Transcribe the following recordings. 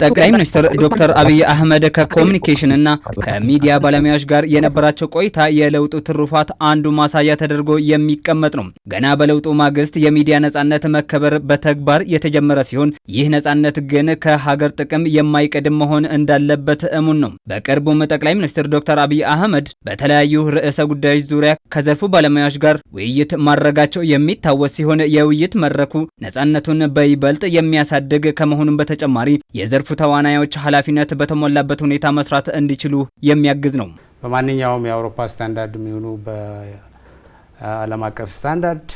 ጠቅላይ ሚኒስትር ዶክተር አብይ አህመድ ከኮሚኒኬሽን እና ከሚዲያ ባለሙያዎች ጋር የነበራቸው ቆይታ የለውጡ ትሩፋት አንዱ ማሳያ ተደርጎ የሚቀመጥ ነው። ገና በለውጡ ማግስት የሚዲያ ነጻነት መከበር በተግባር የተጀመረ ሲሆን ይህ ነጻነት ግን ከሀገር ጥቅም የማይቀድም መሆን እንዳለበት እሙን ነው። በቅርቡም ጠቅላይ ሚኒስትር ዶክተር አብይ አህመድ በተለያዩ ርዕሰ ጉዳዮች ዙሪያ ከዘርፉ ባለሙያዎች ጋር ውይይት ማድረጋቸው የሚታወስ ሲሆን የውይይት መድረኩ ነጻነቱን በይበልጥ የሚያሳድግ ከመሆ ከመሆኑም በተጨማሪ የዘርፉ ተዋናዮች ኃላፊነት በተሞላበት ሁኔታ መስራት እንዲችሉ የሚያግዝ ነው። በማንኛውም የአውሮፓ ስታንዳርድ የሚሆኑ በዓለም አቀፍ ስታንዳርድ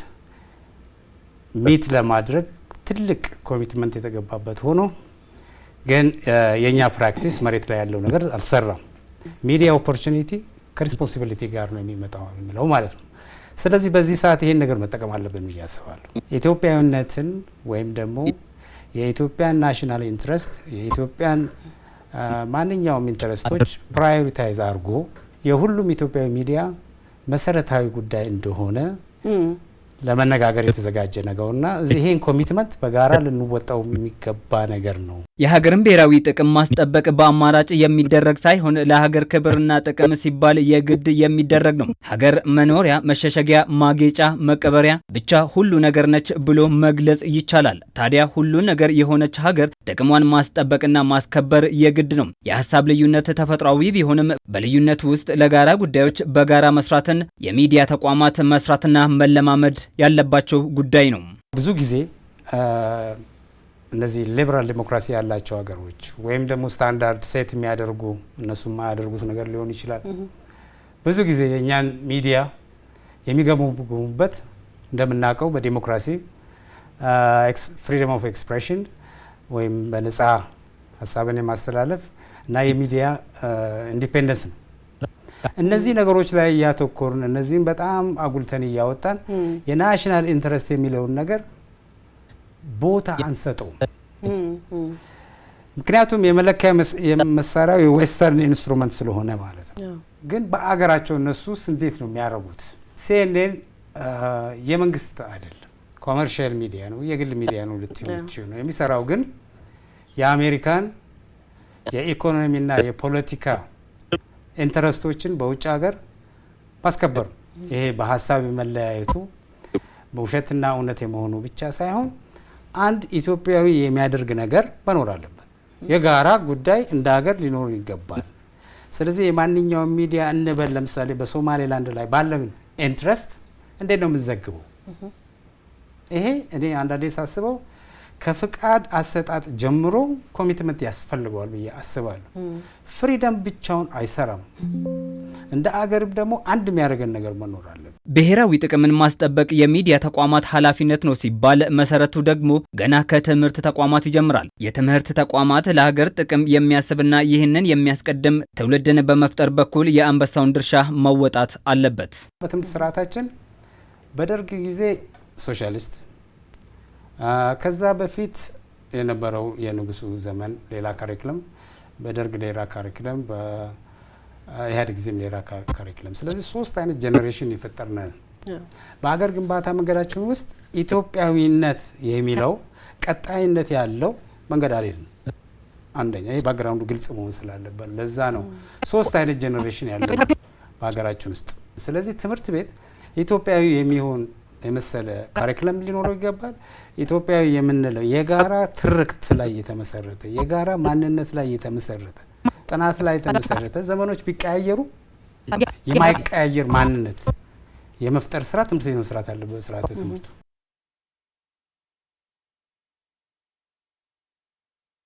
ሚት ለማድረግ ትልቅ ኮሚትመንት የተገባበት ሆኖ ግን የእኛ ፕራክቲስ መሬት ላይ ያለው ነገር አልሰራም። ሚዲያ ኦፖርቹኒቲ ከሪስፖንሲቢሊቲ ጋር ነው የሚመጣው የሚለው ማለት ነው። ስለዚህ በዚህ ሰዓት ይሄን ነገር መጠቀም አለብን ብዬ አስባለሁ። ኢትዮጵያዊነትን ወይም ደግሞ የኢትዮጵያን ናሽናል ኢንትረስት የኢትዮጵያን ማንኛውም ኢንትረስቶች ፕራዮሪታይዝ አድርጎ የሁሉም ኢትዮጵያዊ ሚዲያ መሰረታዊ ጉዳይ እንደሆነ ለመነጋገር የተዘጋጀ ነገርና ይሄን ኮሚትመንት በጋራ ልንወጣው የሚገባ ነገር ነው። የሀገርን ብሔራዊ ጥቅም ማስጠበቅ በአማራጭ የሚደረግ ሳይሆን ለሀገር ክብርና ጥቅም ሲባል የግድ የሚደረግ ነው። ሀገር መኖሪያ፣ መሸሸጊያ፣ ማጌጫ፣ መቀበሪያ ብቻ ሁሉ ነገር ነች ብሎ መግለጽ ይቻላል። ታዲያ ሁሉ ነገር የሆነች ሀገር ጥቅሟን ማስጠበቅና ማስከበር የግድ ነው። የሀሳብ ልዩነት ተፈጥሯዊ ቢሆንም በልዩነት ውስጥ ለጋራ ጉዳዮች በጋራ መስራትን የሚዲያ ተቋማት መስራትና መለማመድ ያለባቸው ጉዳይ ነው። ብዙ ጊዜ እነዚህ ሊበራል ዴሞክራሲ ያላቸው ሀገሮች ወይም ደግሞ ስታንዳርድ ሴት የሚያደርጉ እነሱ የማያደርጉት ነገር ሊሆን ይችላል። ብዙ ጊዜ የእኛን ሚዲያ የሚገመግሙበት እንደምናውቀው በዴሞክራሲ ፍሪደም ኦፍ ኤክስፕሬሽን ወይም በነጻ ሀሳብን የማስተላለፍ እና የሚዲያ ኢንዲፔንደንስ ነው። እነዚህ ነገሮች ላይ እያተኮርን እነዚህም በጣም አጉልተን እያወጣን የናሽናል ኢንትረስት የሚለውን ነገር ቦታ አንሰጠውም። ምክንያቱም የመለኪያ መሳሪያው የዌስተርን ኢንስትሩመንት ስለሆነ ማለት ነው። ግን በአገራቸው እነሱስ እንዴት ነው የሚያደርጉት? ሲኤንኤን የመንግስት አይደለም፣ ኮመርሽል ሚዲያ ነው፣ የግል ሚዲያ ነው ልትች ነው የሚሰራው ግን የአሜሪካን የኢኮኖሚና የፖለቲካ ኢንተረስቶችን በውጭ ሀገር ማስከበሩ ይሄ በሀሳብ የመለያየቱ በውሸትና እውነት የመሆኑ ብቻ ሳይሆን አንድ ኢትዮጵያዊ የሚያደርግ ነገር መኖር አለበት። የጋራ ጉዳይ እንደ ሀገር ሊኖር ይገባል። ስለዚህ የማንኛውም ሚዲያ እንበል ለምሳሌ በሶማሌላንድ ላይ ባለን ኢንትረስት እንዴት ነው የምንዘግበው? ይሄ እኔ አንዳንዴ ሳስበው ከፍቃድ አሰጣጥ ጀምሮ ኮሚትመንት ያስፈልገዋል ብዬ አስባለሁ። ፍሪደም ብቻውን አይሰራም። እንደ አገርም ደግሞ አንድ የሚያደርገን ነገር መኖር አለን። ብሔራዊ ጥቅምን ማስጠበቅ የሚዲያ ተቋማት ኃላፊነት ነው ሲባል መሰረቱ ደግሞ ገና ከትምህርት ተቋማት ይጀምራል። የትምህርት ተቋማት ለሀገር ጥቅም የሚያስብና ይህንን የሚያስቀድም ትውልድን በመፍጠር በኩል የአንበሳውን ድርሻ መወጣት አለበት። በትምህርት ስርዓታችን በደርግ ጊዜ ሶሻሊስት ከዛ በፊት የነበረው የንጉሱ ዘመን ሌላ ካሪክለም፣ በደርግ ሌላ ካሪክለም፣ በኢህአዴግ ጊዜም ሌላ ካሪክለም። ስለዚህ ሶስት አይነት ጀኔሬሽን የፈጠርነን በሀገር ግንባታ መንገዳችን ውስጥ ኢትዮጵያዊነት የሚለው ቀጣይነት ያለው መንገድ አልሄድም። አንደኛ ይህ ባክግራውንዱ ግልጽ መሆን ስላለበት ለዛ ነው ሶስት አይነት ጀኔሬሽን ያለው በሀገራችን ውስጥ። ስለዚህ ትምህርት ቤት ኢትዮጵያዊ የሚሆን የመሰለ ካሪክለም ሊኖረው ይገባል። ኢትዮጵያዊ የምንለው የጋራ ትርክት ላይ የተመሰረተ የጋራ ማንነት ላይ የተመሰረተ ጥናት ላይ የተመሰረተ ዘመኖች ቢቀያየሩ የማይቀያየር ማንነት የመፍጠር ስራ ትምህርት ቤት መስራት አለበት። ስርዓተ ትምህርቱ